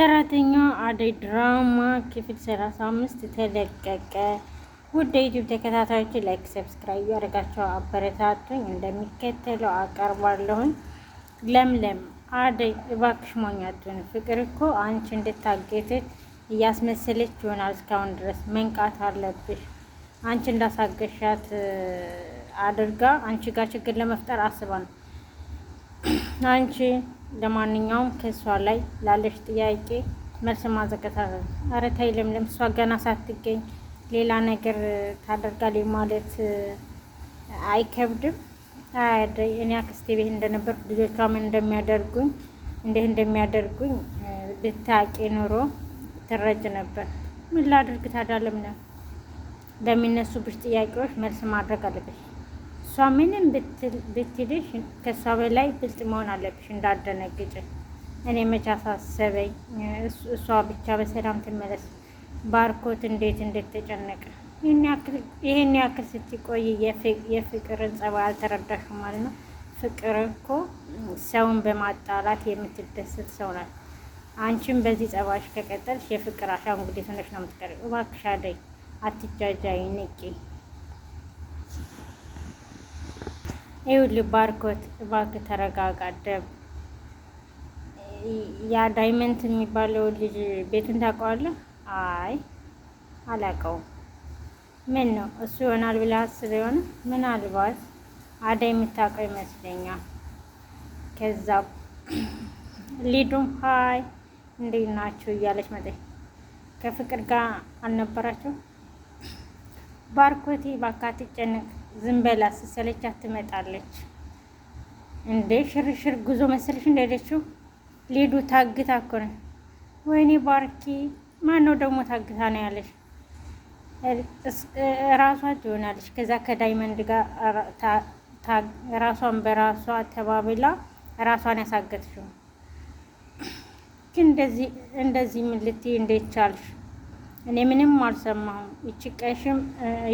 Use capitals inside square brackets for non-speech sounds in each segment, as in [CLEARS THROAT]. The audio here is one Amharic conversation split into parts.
ሰራተኛ አደይ ድራማ ክፍል 35 ተለቀቀ። ውድ ዩቲዩብ ተከታታዮች ላይክ፣ ሰብስክራይብ ያደርጋቸው አበረታቱኝ። እንደሚከተለው አቀርባለሁኝ። ለምለም አደይ እባክሽ ሞኛቱን ፍቅር እኮ አንቺ እንድታገተች እያስመሰለች ይሆናል። እስካሁን ድረስ መንቃት አለብሽ። አንቺ እንዳሳገሻት አድርጋ አንቺ ጋር ችግር ለመፍጠር አስባ ነው አንቺ ለማንኛውም ከእሷ ላይ ላለሽ ጥያቄ መልስ ማዘቀታል። ኧረ ተይ እሷ ገና ሳትገኝ ሌላ ነገር ታደርጋለች ማለት አይከብድም። እኔ አክስቴ ቤት እንደነበርኩ ልጆቿ ምን እንደሚያደርጉኝ እንዴት እንደሚያደርጉኝ ብታውቂ ኑሮ ትረጅ ነበር። ምን ላድርግ ታዲያ ለምለም፣ ለሚነሱብሽ ጥያቄዎች መልስ ማድረግ አለብሽ። ምንም ብትልሽ ከእሷ በላይ ብልጥ መሆን አለብሽ እንዳደነግጭ። እኔ መቼ አሳሰበኝ። እሷ ብቻ በሰላም ትመለስ። ባርኮት እንዴት እንደተጨነቀ ይህን ያክል ስትቆይ የፍቅርን ጸባይ አልተረዳሽም ማለት ነው። ፍቅር እኮ ሰውን በማጣላት የምትደሰት ሰው ናት። አንቺም በዚህ ጸባይሽ ከቀጠልሽ የፍቅር አሻንጉሊት ሆነሽ ነው የምትቀር። እባክሽ አደይ፣ አትጃጃይ፣ ንቂ ይኸውልህ ባርኮት እባክህ ተረጋጋ። ደብ ያ ዳይመንት የሚባለው ልጅ ቤቱን ታውቀዋለህ? አይ አላውቀውም። ምን ነው እሱ ይሆናል ብለህ አስብ የሆነ ምናልባት አደይ የምታውቀው ይመስለኛል። ከዛ ሊዱም ሀይ እንዴት ናችሁ እያለች መጠ ከፍቅር ጋር አልነበራቸው። ባርኮቴ እባክህ አትጨነቅ ዝም በላ ስትሰለቻት ትመጣለች። እንዴ ሽርሽር ጉዞ መሰለሽ እንደሄደችው ሊዱ ታግታ እኮ ነው። ወይኔ ባርኪ ማነው ደግሞ ታግታ ነው ያለሽ? ራሷ ትሆናለች። ከዛ ከዳይመንድ ጋር ራሷን በራሷ ተባብላ ራሷን ያሳገትሽው ግን እንደዚህ ምልት እንዴት ቻልሽ? እኔ ምንም አልሰማሁም። ይቺ ቀሽም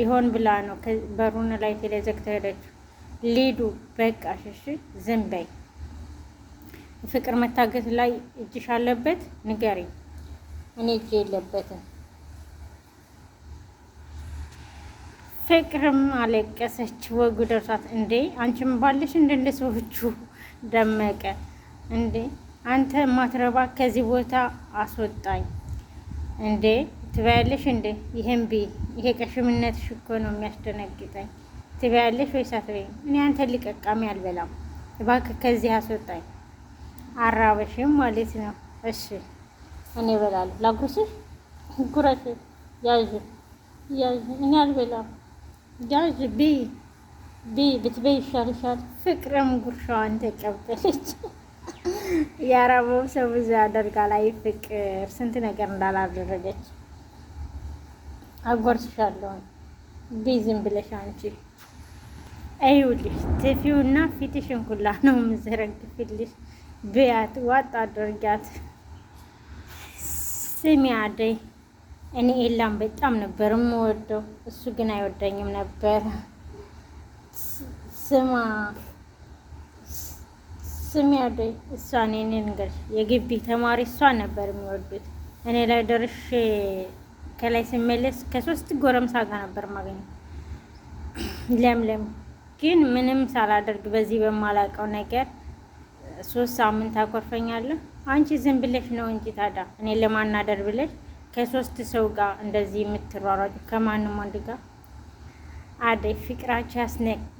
ይሆን ብላ ነው በሩን ላይ ቴሌዘግ ተሄደችው። ሊዱ በቃ ሽሽ ዝም በይ። ፍቅር መታገት ላይ እጅሽ አለበት ንገሪ። እኔ እጅ የለበትም። ፍቅርም አለቀሰች። ወጉ ደርሳት እንዴ አንቺም ባለሽ እንደንደ ሰዎቹ ደመቀ እንዴ አንተ ማትረባ ከዚህ ቦታ አስወጣኝ እንዴ ትበያለሽ እንዴ? ይሄን ቢ ይሄ ቀሽምነት ሽኮ ነው የሚያስደነግጠኝ። ትበያለሽ ወይስ አትበይም? እኔ አንተ ሊቀቃሚ አልበላም። እባክህ ከዚህ አስወጣኝ። አራበሽም ማለት ነው። እሺ እኔ እበላለሁ። ላጉርስሽ? ጉረሽ። ያዥ ያዥ። እኔ አልበላም። ያዥ ቢ ቢ ብትበይ ይሻልሻል። ፍቅርም ጉርሻዋን ተቀበለች። የአረበው ሰው ብዙ ያደርጋል። አይ ፍቅር ስንት ነገር እንዳላደረገች አጎርስሻለሁ። ቢዝም ብለሽ አንቺ አይውልሽ ትፊውና ፊትሽን ኩላ ነው የምዘረግፍልሽ። ብያት ዋጥ አድርጊያት። ስሚ አደይ፣ እኔ ኤላም በጣም ነበር የምወደው፣ እሱ ግን አይወደኝም ነበር። ስማ ስሚ አደይ፣ እሷ እኔ እንግዲህ የግቢ ተማሪ እሷ ነበር የሚወዱት እኔ ላይ ደርሼ ከላይ ስመለስ ከሶስት ጎረምሳ ጋር ነበር ማገኘው። ለምለም ግን ምንም ሳላደርግ በዚህ በማላውቀው ነገር ሶስት ሳምንት አኮርፈኛለሁ። አንቺ ዝም ብለሽ ነው እንጂ ታዲያ እኔ ለማናደር ብለሽ ከሶስት ሰው ጋር እንደዚህ የምትሯሯጭ ከማንም ወንድ ጋር አደይ፣ ፍቅራችሁ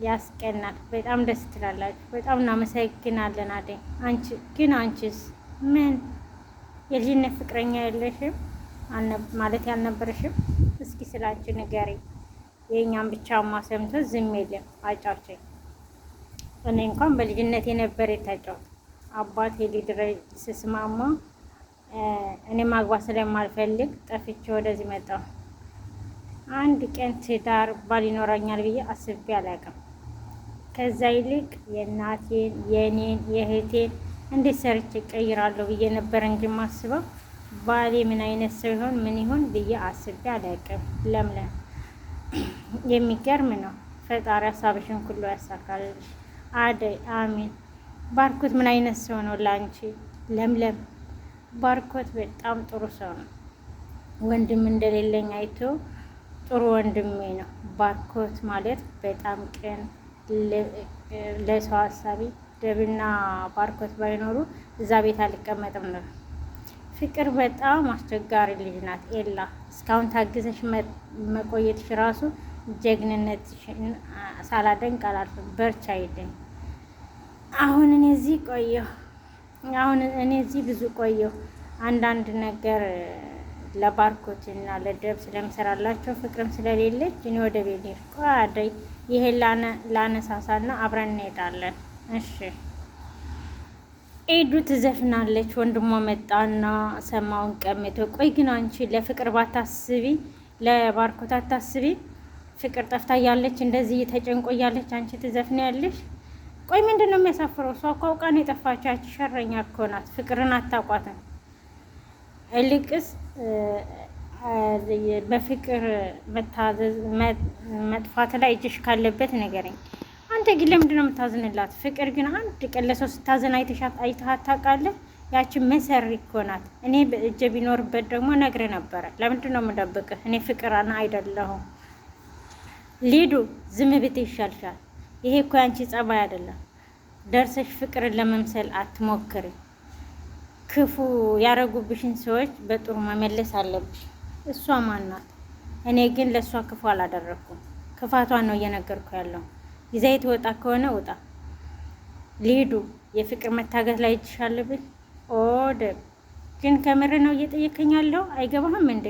ያስቀናል። በጣም ደስ ትላላችሁ። በጣም እናመሰግናለን አደይ። አንቺ ግን አንቺስ ምን የልጅነት ፍቅረኛ የለሽም? ማለት ያልነበረሽም? እስኪ ስላንቺ ንገሪ። የእኛም ብቻማ ሰምቶ ዝም የለም። አጫውቸኝ። እኔ እንኳን በልጅነት የነበረ የታጫውት አባት የሊድረ ስስማማ እኔ ማግባት ስለማልፈልግ ጠፍቼ ወደዚህ መጣሁ። አንድ ቀን ትዳር ባል ይኖረኛል ብዬ አስቤ አላውቅም። ከዛ ይልቅ የእናቴን፣ የእኔን፣ የእህቴን እንዴት ሰርቼ እቀይራለሁ ብዬ ነበር እንጂ ማስበው ባሌ ምን አይነት ሰው ይሆን ምን ይሆን ብዬ አስቤ አላውቅም። ለምለም [CLEARS THROAT] የሚገርም ነው። ፈጣሪ ሀሳብሽን ሁሉ ያሳካልሽ። አደይ አሚን። ባርኮት ምን አይነት ሰው ነው ላንቺ ለምለም? ባርኮት በጣም ጥሩ ሰው ነው። ወንድም እንደሌለኝ አይቶ ጥሩ ወንድሜ ነው። ባርኮት ማለት በጣም ቅን፣ ለሰው ሀሳቢ። ደብና ባርኮት ባይኖሩ እዛ ቤት አልቀመጥም ነው ፍቅር በጣም አስቸጋሪ ልጅ ናት። ኤላ እስካሁን ታግዘሽ መቆየትሽ ራሱ ጀግንነት ሳላደንቅ አላልፍም። በርቻ አይደኝ። አሁን እኔ እዚህ ቆየሁ። አሁን እኔ እዚህ ብዙ ቆየሁ። አንዳንድ ነገር ለባርኮት እና ለደብ ስለምሰራላቸው ፍቅርም ስለሌለች እኔ ወደ ቤት ቆይ አደይ፣ ይሄ ላነሳሳና አብረን እንሄዳለን። እሺ ኤዱ ትዘፍናለች። ወንድሟ መጣና ሰማውን ቀምቶ፣ ቆይ ግን አንቺ ለፍቅር ባታስቢ ለባርኮት አታስቢ፣ ፍቅር ጠፍታ እያለች እንደዚህ ተጨንቆ እያለች አንቺ ትዘፍኛለሽ? ቆይ ምንድን ነው የሚያሳፍረው? እሷ እኮ አውቃ ነው የጠፋችው። አንቺ ሸረኛ እኮ ናት፣ ፍቅርን አታውቋትም። እልቅስ በፍቅር መጥፋት ላይ እጅሽ ካለበት ነገረኝ። አንተ ግን ለምንድን ነው የምታዝንላት? ፍቅር ግን አንድ ቀን ለሰው ስታዘን አይተሃት ታውቃለህ? ያችን መሰሪ እኮ ናት። እኔ በእጄ ቢኖርበት ደግሞ ነግር ነበረ። ለምንድን ነው የምደብቅህ? እኔ ፍቅራና አይደለሁም። ሊዱ ዝም ብት ይሻልሻል። ይሄ እኮ ያንቺ ጸባይ አይደለም። ደርሰሽ ፍቅርን ለመምሰል አትሞክሪ። ክፉ ያረጉብሽን ሰዎች በጥሩ መመለስ አለብሽ። እሷ ማን ናት? እኔ ግን ለእሷ ክፉ አላደረግኩም። ክፋቷን ነው እየነገርኩ ያለው ይዘይት ወጣ ከሆነ ወጣ ሊዱ የፍቅር መታገት ላይ ኦ ኦደ ግን ከምር ነው እየጠየከኝ ያለው አይገባህም እንዴ?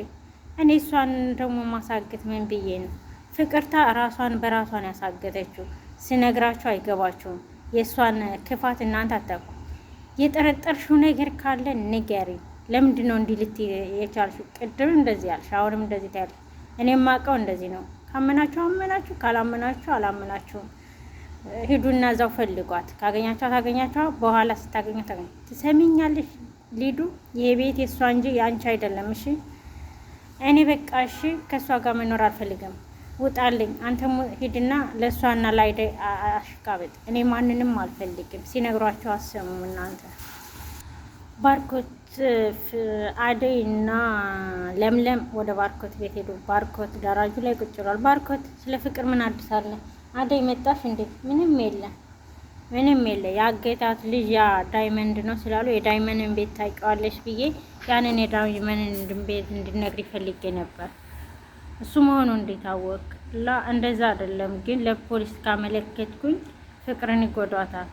እኔ እሷን ደግሞ ማሳገት ምን ብዬ ነው? ፍቅርታ ራሷን በራሷን ያሳገተችው ስነግራችሁ አይገባችሁም። የእሷን ክፋት እናንተ አታውቁ። የጠረጠርሽው ነገር ካለ ንገሪ። ለምንድን ነው እንዲህ ልት የቻልሽው? ቅድም እንደዚህ ያልሽ፣ አሁንም እንደዚህ ታያልሽ። እኔ የማውቀው እንደዚህ ነው። አመናችሁ አመናችሁ፣ ካላመናችሁ አላመናችሁም። ሂዱና እዛው ፈልጓት። ካገኛችሁ ታገኛችሁ፣ በኋላ ስታገኙ ታገኝ። ትሰሚኛለሽ ሊዱ፣ ይሄ ቤት የእሷ እንጂ የአንቺ አይደለም። እሺ እኔ በቃ እሺ፣ ከእሷ ጋር መኖር አልፈልግም። ውጣልኝ። አንተም ሂድና ለእሷና ላይ አሽቃበጥ። እኔ ማንንም አልፈልግም። ሲነግሯቸው አሰሙ። እናንተ ባርኮት አደይ እና ለምለም ወደ ባርኮት ቤት ሄዱ። ባርኮት ዳራጁ ላይ ቁጭ ብሏል። ባርኮት ስለ ፍቅር ምን አዲስ አለ? አደይ መጣሽ እንዴ? ምንም የለ ምንም የለ። የአገታት ልጅ ያ ዳይመንድ ነው ስላሉ የዳይመንድን ቤት ታውቂዋለሽ ብዬ ያንን የዳይመንድን ቤት እንድነግር ይፈልጌ ነበር። እሱ መሆኑ እንዴት አወቅ? ላ እንደዛ አይደለም ግን ለፖሊስ ካመለከትኩኝ ፍቅርን ይጎዷታል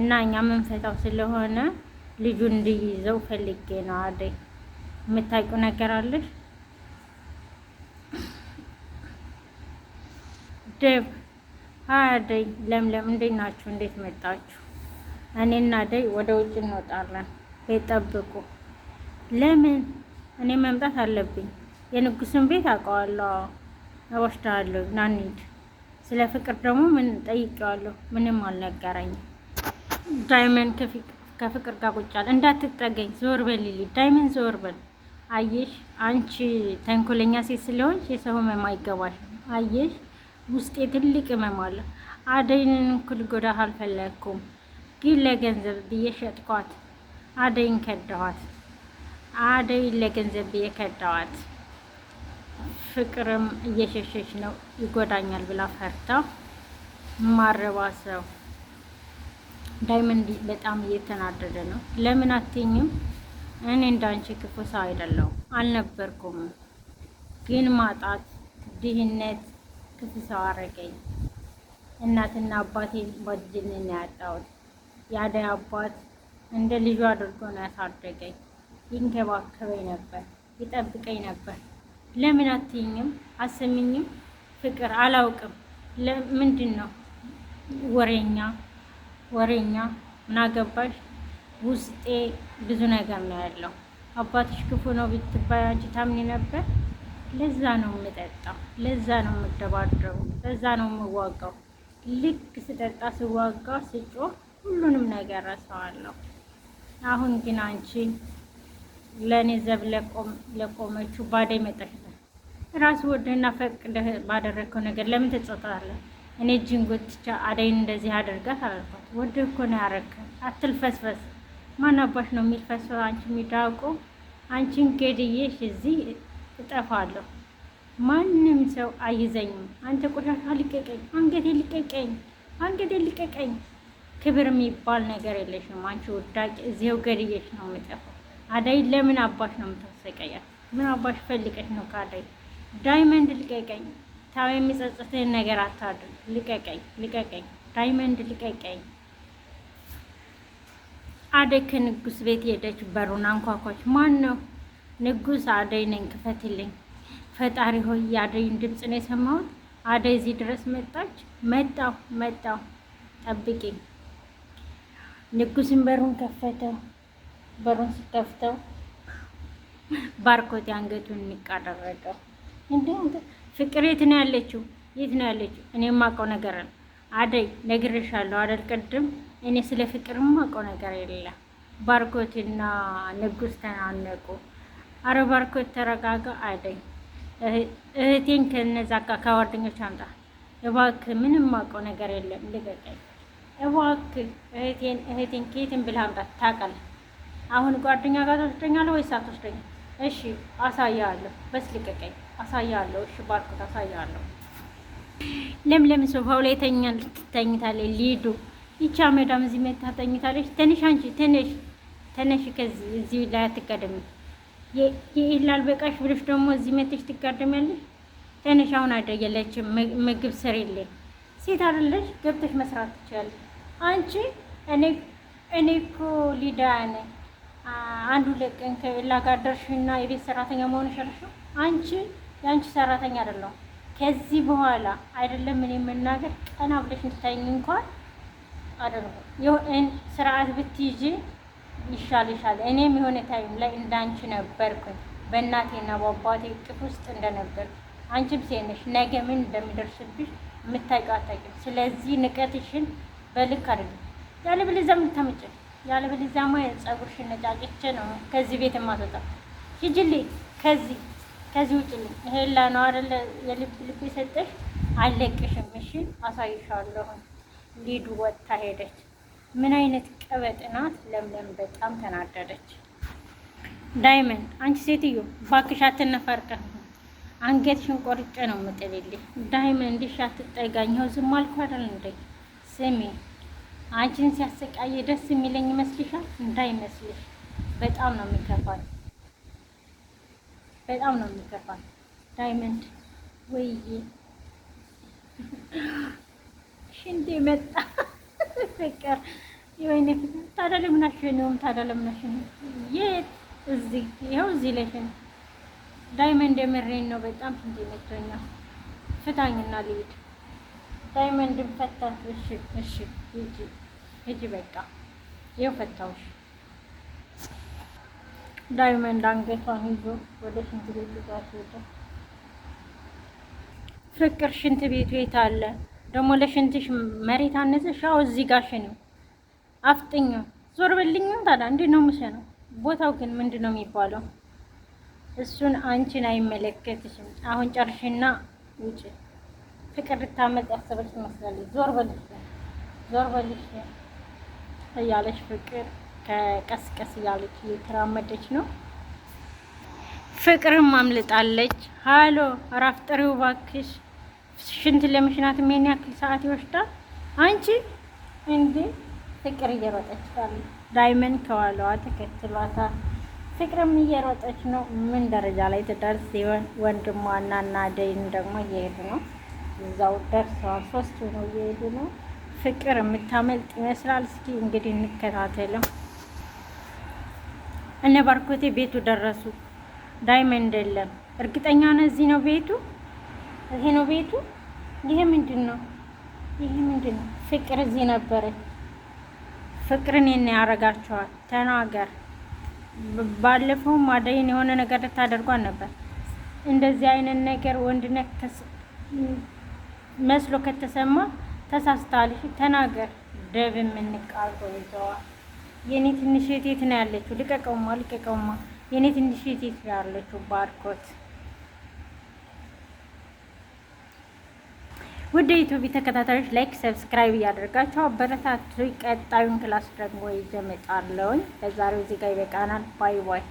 እና እኛ ምንፈታው ስለሆነ ልጁ እንዲይዘው ፈልጌ ነው። አደይ የምታውቂው ነገር አለሽ? ደብ አደይ፣ ለምለም እንዴት ናችሁ? እንዴት መጣችሁ? እኔና አደይ ወደ ውጭ እንወጣለን። ቤት ጠብቁ። ለምን እኔ መምጣት አለብኝ? የንጉስን ቤት አውቀዋለሁ። እወስድሃለሁ። ና እንሂድ። ስለ ፍቅር ደግሞ ምን ጠይቄዋለሁ? ምንም አልነገረኝም። ዳይመንድ ከፊት ከፍቅር ጋር ቁጫል እንዳትጠገኝ ዞር በል ሊሊ፣ ዳይመንድ ዞር በል አየሽ፣ አንቺ ተንኮለኛ ሴት ስለሆንሽ የሰው ህመም አይገባሽ። አየሽ፣ ውስጤ ትልቅ ህመም አለ። አደይን እኩል ጎዳ አልፈለግኩም፣ ግን ለገንዘብ ብዬ ሸጥኳት። አደይን ከዳኋት። አደይን ለገንዘብ ብዬ ከዳኋት። ፍቅርም እየሸሸሽ ነው ይጎዳኛል ብላ ፈርታ ማረባ ሰው ዳይመንድ በጣም እየተናደደ ነው። ለምን አትኝም? እኔ እንዳንቺ ክፉ ሰው አይደለሁም አልነበርኩም፣ ግን ማጣት፣ ድህነት ክፉ ሰው አረገኝ። እናትና አባቴን በድንን ያጣሁት። የአደይ አባት እንደ ልጁ አድርጎ ነው ያሳደገኝ። ይንከባከበኝ ነበር፣ ይጠብቀኝ ነበር። ለምን አትኝም? አስምኝም ፍቅር አላውቅም። ለምንድን ነው ወሬኛ ወሬኛ ምናገባሽ ውስጤ ብዙ ነገር ነው ያለው። አባትሽ ክፉ ነው ብትባይ አንቺ ነበር። ለዛ ነው የምጠጣው፣ ለዛ ነው የምደባደቡ፣ ለዛ ነው የምዋጋው። ልክ ስጠጣ ስዋጋ፣ ስጮህ ሁሉንም ነገር ረሳዋለሁ። አሁን ግን አንቺ ለእኔ ዘብ ለቆመችው ባዳ ይመጣሽበት ራስ ወደህና ፈቅደህ ባደረግከው ነገር ለምን ትጸጸታለህ? እኔ እጅን ጎትቻ አደይን እንደዚህ አደርጋት አላልኳት። ወደ እኮ ነው ያረግከን። አትልፈስፈስ። ማን አባሽ ነው የሚልፈስፈስ? አንቺ የሚዳቁ አንቺን ገድዬሽ እዚህ እጠፋለሁ። ማንም ሰው አይዘኝም። አንተ ቆሻሻ ልቀቀኝ፣ አንገቴ ልቀቀኝ፣ አንገቴ ልቀቀኝ። ክብር የሚባል ነገር የለሽም አንቺ ወዳቂ። እዚው ገድዬሽ ነው የምጠፋው። አደይ ለምን አባሽ ነው የምታሰቀያት? ምን አባሽ ፈልቀሽ ነው ካደይ ዳይመንድ ልቀቀኝ ታው የሚጸጽትን ነገር አታድርግ። ልቀቀኝ፣ ልቀቀኝ፣ ዳይመንድ ልቀቀኝ። አደይ ከንጉስ ቤት ሄደች። በሩን አንኳኳች። ማን ነው? ንጉስ አደይ ነኝ፣ ክፈትልኝ። ፈጣሪ ሆይ የአደይን ድምፅ ነው የሰማሁት። አደይ እዚህ ድረስ መጣች። መጣሁ፣ መጣሁ፣ ጠብቂኝ። ንጉስን በሩን ከፈተው። በሩን ሲከፍተው ባርኮት አንገቱን ንቅ እንደ ፍቅር የት ነው ያለችው? የት ነው ያለችው? እኔ የማውቀው ነገር ነው አደይ ነግሬሻለሁ አይደል? ቅድም እኔ ስለ ፍቅር የማውቀው ነገር የለም። ባርኮትና ንጉስ ተናነቁ። አረ ባርኮት ተረጋጋ። አደይ እህቴን ከነዛ ጋር ከጓደኞች አምጣ እባክህ። ምንም የማውቀው ነገር የለም ልቀቀኝ እባክህ። እህቴን እህቴን ከየትን ብለህ አምጣት። ታውቃለህ። አሁን ጓደኛ ጋር ትወስደኛለህ ወይስ አትወስደኛለህ? እሺ አሳያለሁ። በስ ልቀቀኝ፣ አሳያለሁ። እሺ ባርኩት፣ አሳያለሁ። ለምለም ሶፋው ላይ ተኛ ልትተኝታለች። ሊዱ ይቻ መዳም እዚህ መታ ተኝታለች። ትንሽ አንቺ ትንሽ ተነሽ ከዚህ እዚህ ላይ አትጋደሚ። የኢላል በቃሽ ብለሽ ደግሞ እዚህ መተሽ ትቀደሚያለሽ። ተነሽ አሁን አደግ ምግብ ስሪልኝ። ሴት አይደለሽ ገብተሽ መስራት ትችላለሽ። አንቺ እኔ እኔ እኮ ሊዳ ነኝ አንዱ ለቀን ቀን ጋር ደርሽና የቤት ሰራተኛ መሆን ሸርሹ አንቺ የአንቺ ሰራተኛ አይደለሁም። ከዚህ በኋላ አይደለም እኔ የምናገር ቀና ብለሽ እንድታይኝ እንኳን አደረጉ ይሁን ስርዓት ብትይጂ ይሻልሻል። እኔም የሆነ ታይም ላይ እንዳንቺ ነበርኩኝ በእናቴና በአባቴ እቅፍ ውስጥ እንደነበር አንቺም ሴት ነገ ምን እንደሚደርስብሽ የምታውቂው አታውቂም። ስለዚህ ንቀትሽን በልክ አድርጊ ያለብልዛ ምታመጭ ያለበለዚያ ማ ፀጉርሽን ነጫጭቼ ነው ከዚህ ቤት የማትወጣው። ሂጂልኝ ከዚህ ከዚህ ውጭልኝ። ይሄላ ነው አይደለ የልብ ልብ የሰጠሽ አለቅሽም። እሺ አሳይሻለሁ። ሊዱ ወጥታ ሄደች። ምን አይነት ቀበጥ ናት! ለምለም በጣም ተናደደች። ዳይመንድ አንቺ ሴትዮ እባክሽ አትነፋርቀህ አንገትሽን ቆርጬ ነው የምጥልልኝ። ዳይመንድ እሺ አትጠጋኝ። ይኸው ዝም አልኩ አይደል እንዴ? ስሚ አንቺን ሲያሰቃየ ደስ የሚለኝ ይመስልሻል? እንዳይመስልሽ። በጣም ነው የሚከፋል። በጣም ነው የሚከፋል። ዳይመንድ ወይዬ ሽንዴ መጣ ፍቅር የወይኔ ፍቅር። ታዲያ ለምን አሸነውም? ታዲያ ለምን አሸነውም? የት እዚህ ይኸው እዚህ ለሽን ዳይመንድ የምሬን ነው። በጣም ሽንዴ መቶኛል። ፍታኝና ልሂድ ዳይመንድን ፈታት። እሺ እሺ፣ ሂጂ ሂጂ፣ በቃ ይኸው ፈታውሽ። ዳይመንድ አንገቷን ይዞ ወደ ሽንት ቤት ይዟት ሄደ። ፍቅር ሽንት ቤቱ የት አለ? ደግሞ ለሽንትሽ መሬት አነሰ አዎ እዚህ ጋሽ ነው። አፍጥኝ ዞር በልኝ። ታዲያ እንዴት ነው ምሰ ነው? ቦታው ግን ምንድን ነው የሚባለው? እሱን አንቺን አይመለከትሽም። አሁን ጨርሽና ውጭ ፍቅር ልታመጥ ያሰበች ትመስላለች። ዞር በልሽ ዞር በልሽ እያለች ፍቅር ከቀስቀስ እያለች እየተራመደች ነው። ፍቅርም አምልጣለች። ሀሎ አራፍ ጥሪው ባክሽ፣ ሽንት ለመሽናት ምን ያክል ሰዓት ይወስዳል? አንቺ እንዴ! ፍቅር እየሮጠች ታለች። ዳይመንድ ከኋላዋ ተከትሏታል። ፍቅርም እየሮጠች ነው። ምን ደረጃ ላይ ትደርስ ይሆን? ወንድሟና እና አደይን ደግሞ እየሄዱ ነው። እዛው ደርሰዋል። ሶስት ነው እየሄዱ ነው። ፍቅር የምታመልጥ ይመስላል። እስኪ እንግዲህ እንከታተልም። እነ ባርኮቴ ቤቱ ደረሱ። ዳይመንድ የለም። እርግጠኛ ነህ? እዚህ ነው ቤቱ? ይሄ ነው ቤቱ? ይሄ ምንድን ነው? ይሄ ምንድን ነው? ፍቅር እዚህ ነበረ። ፍቅርን ኔ ያረጋቸዋል። ተናገር። ባለፈውም አደይን የሆነ ነገር ልታደርጓን ነበር። እንደዚህ አይነት ነገር ወንድነት መስሎ ከተሰማ ተሳስታልሽ ተናገር። ደብ የምንቃል ይዘዋል። የእኔ ትንሽ የት ነው ያለችው? ልቀቀውማ፣ ልቀቀውማ። የእኔ ትንሽ የት ነው ያለችው? ባርኮት ወደ ዩቲዩብ ተከታታዮች ላይክ፣ ሰብስክራይብ እያደረጋችሁ አበረታቱ። ቀጣዩን ክላስ ደግሞ ይዘመጣለውኝ። ለዛሬው እዚህ ጋር ይበቃናል። ባይ ባይ።